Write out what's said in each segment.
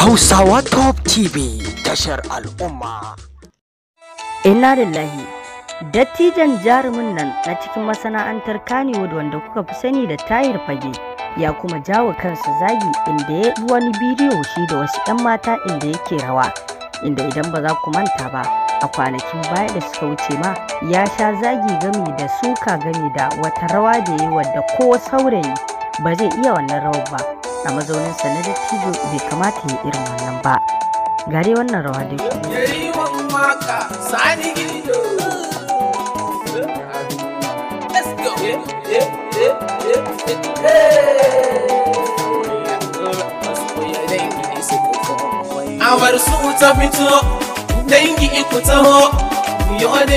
Hausawa Top TV tashar al'umma. Ina lillahi, dattijan jarumin nan na cikin masana'antar Kannywood wanda kuka fi sani da tayar fage ya kuma jawo kansu zagi inda ya yi wani bidiyo shi da wasu 'yan mata inda yake rawa. Inda idan ba za ku manta ba, a kwanakin baya da suka wuce ma ya sha zagi gami da suka gami da wata rawa da yi wadda ko saurayi ba zai iya wannan rawar ba. a mazauninsa na dattijo bai kamata ya irin wannan ba gare wannan rawa da shi eh, eh, eh, fito dangi iku taho yo da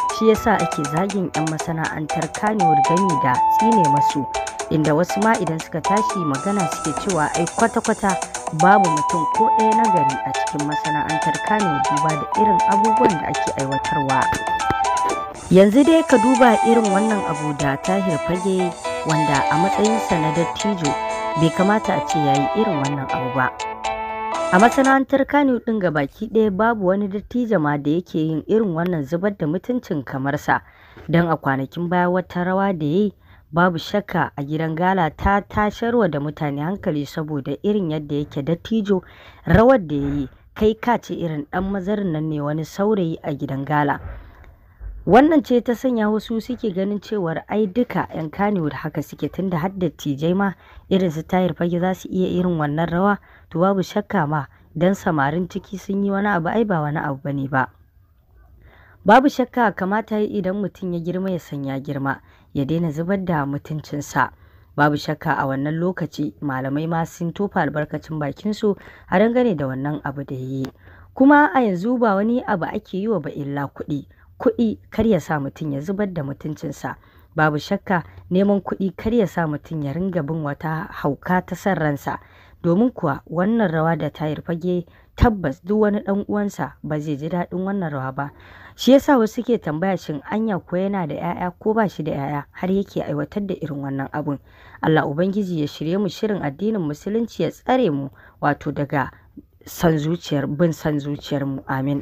shi yasa ake zagin 'yan masana'antar kanewar gani da tsine masu inda wasu ma idan suka tashi magana suke cewa ai kwata-kwata babu mutum ko ɗaya na gari a cikin masana'antar kanewar duba da irin abubuwan da ake aiwatarwa yanzu dai ka duba irin wannan abu da tahir fage wanda a matsayinsa na dattijo bai kamata a ce yayi irin wannan abu ba. A masana'antar Kano ɗin baki ɗaya babu wani dattijo ma da yake yin irin wannan zubar da mutuncin kamar sa, don a kwanakin baya wata rawa da yi babu shakka a gidan gala ta tasharwa da mutane hankali saboda irin yadda yake dattijo, rawar da ya yi kai ka ce irin ɗan mazarin nan ne wani saurayi a gidan gala. Wannan ce ta sanya wasu suke ganin cewar ai duka 'yan Kannywood haka suke da har dattijai ma irin su tayar Fage za su iya irin wannan rawa to babu shakka ma dan samarin ciki sun yi wani abu ai ba wani abu ne ba. Babu shakka kamata yi idan mutum ya girma ya sanya girma ya daina zubar da mutuncinsa. Babu shakka a wannan lokaci malamai ma sun tofa albarkacin bakinsu a dangane da wannan abu da ya yi. Kuma a yanzu ba wani abu ake yi wa ba illa kuɗi. kuɗi kar ya sa mutum ya zubar da mutuncinsa babu shakka neman kuɗi kar ya sa mutum ya ringa bin wata hauka ta san ransa domin kuwa wannan rawa da ta fage tabbas duk wani ɗan uwansa ba zai ji daɗin wannan rawa ba shi yasa wasu ke tambaya shin anya ko yana da 'ya'ya ko ba shi da 'ya'ya har yake aiwatar da irin wannan abun Allah ubangiji ya shirye mu shirin addinin musulunci ya tsare mu wato daga san zuciyar bin san zuciyar mu amin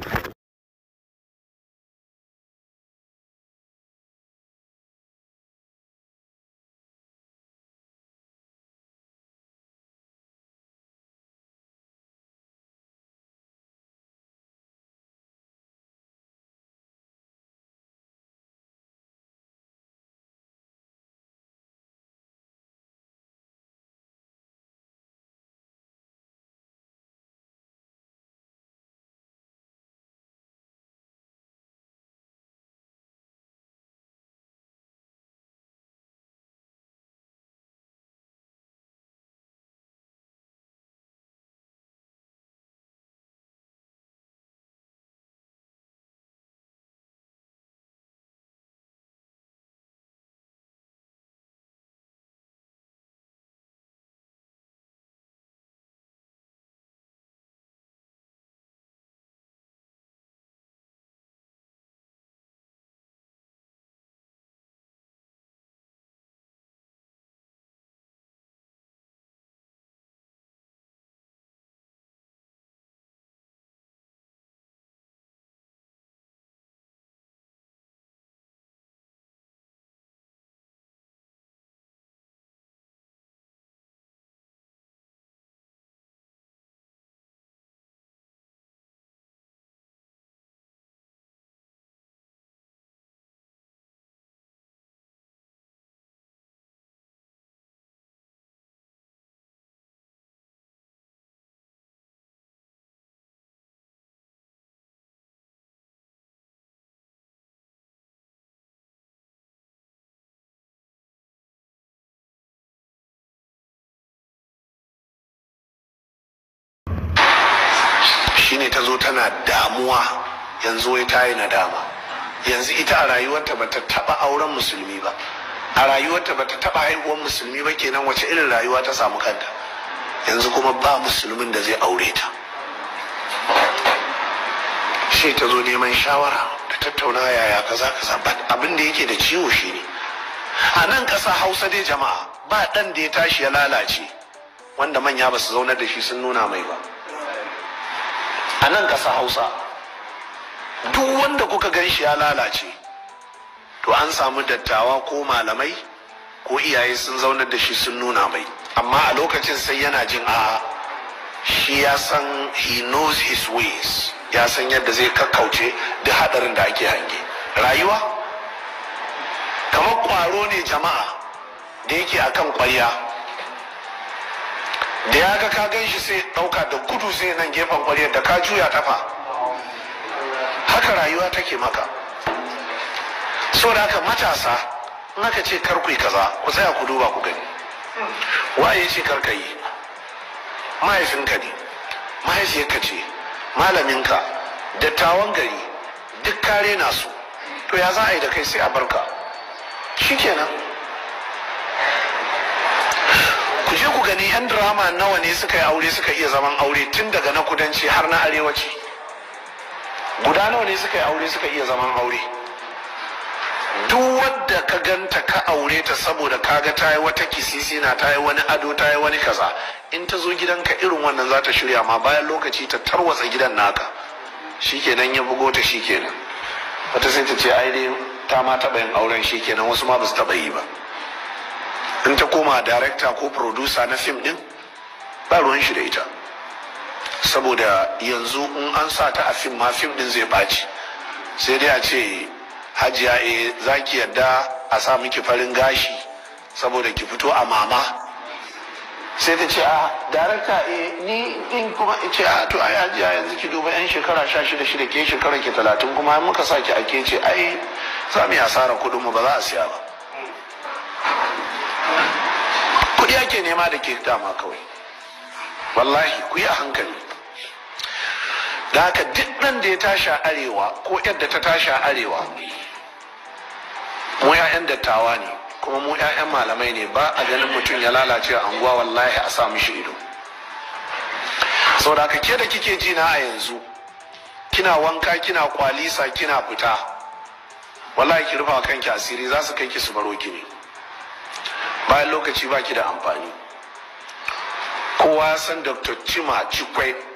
shine ta zo tana damuwa yanzu wai ta yi nadama yanzu ita a rayuwarta ba ta taɓa auren musulmi ba a rayuwarta ba ta taɓa haihuwar musulmi ba kenan wace irin rayuwa ta samu kanta yanzu kuma ba musulmin da zai aure ta shi ta zo neman shawara da tattauna yaya kaza kaza abin da yake da ciwo shi ne a nan ƙasa hausa dai jama'a ba ɗan da ya tashi ya lalace wanda manya ba su zaunar da shi sun nuna mai ba a nan ƙasa hausa duk wanda kuka gan shi ya lalace to an samu dattawa ko malamai ko iyaye sun zaunar da shi sun nuna mai amma a lokacin sai yana jin a shi ya san he knows his ways ya san yadda zai kakkauce duk haɗarin da ake hange rayuwa kamar ƙwaro ne jama'a da yake akan ƙwarya da ya ga ka gan shi sai ɗauka da gudu sai nan gefen ƙwarya da ka juya tafa haka rayuwa take maka so da haka matasa in aka ce kar ku yi kaza ku tsaya ku duba ku gani waye ce kar ka yi mahaifinka ne mahaifiyarka ce malaminka dattawan gari duk kare na su to ya za a yi da kai sai a barka shikenan Gani yan drama nawa ne suka yi aure suka iya zaman aure tun daga na kudanci har na arewaci guda nawa ne suka yi aure suka iya zaman aure duk wadda ka ganta ka aure ta saboda kaga ta yi wata kisisi na ta yi wani ado ta yi wani kaza in ta zo gidanka irin wannan za ta shirya ma bayan lokaci ta tarwatsa gidan naka shikenan ya bugo ta shikenan wata sai ta ce ai dai ta ma taɓa yin auren shikenan wasu ma ba su taɓa yi ba in ta koma darekta ko producer na fim din ba ruwan shi da ita saboda yanzu in an sa ta a fim ma fim din zai baci sai dai a ce hajiya e za ki yadda a sa miki farin gashi saboda ki fito a mama sai ta ce a Darekta e eh, ni in kuma in ce a to ai Hajiya yanzu ki duba yan shekara sha shida shida ke shekara ke talatin kuma muka sa ki ke ce ai za mu yi asarar kuɗin ba za a siya ba kuɗi ke nema da ke dama kawai wallahi ku yi a hankali da haka duk nan da ya tashi arewa ko yadda ta tashi arewa mu 'ya'yan dattawa ne kuma mu 'ya'yan malamai ne ba a ganin mutum ya lalace a anguwa wallahi a sa mishi ido saboda ke da kike ji na a yanzu kina wanka kina kwalisa kina fita wallahi ki rufa kanki asiri za su kai ki su baro ki ne bayan lokaci baki da amfani kowa san dr chima chikwai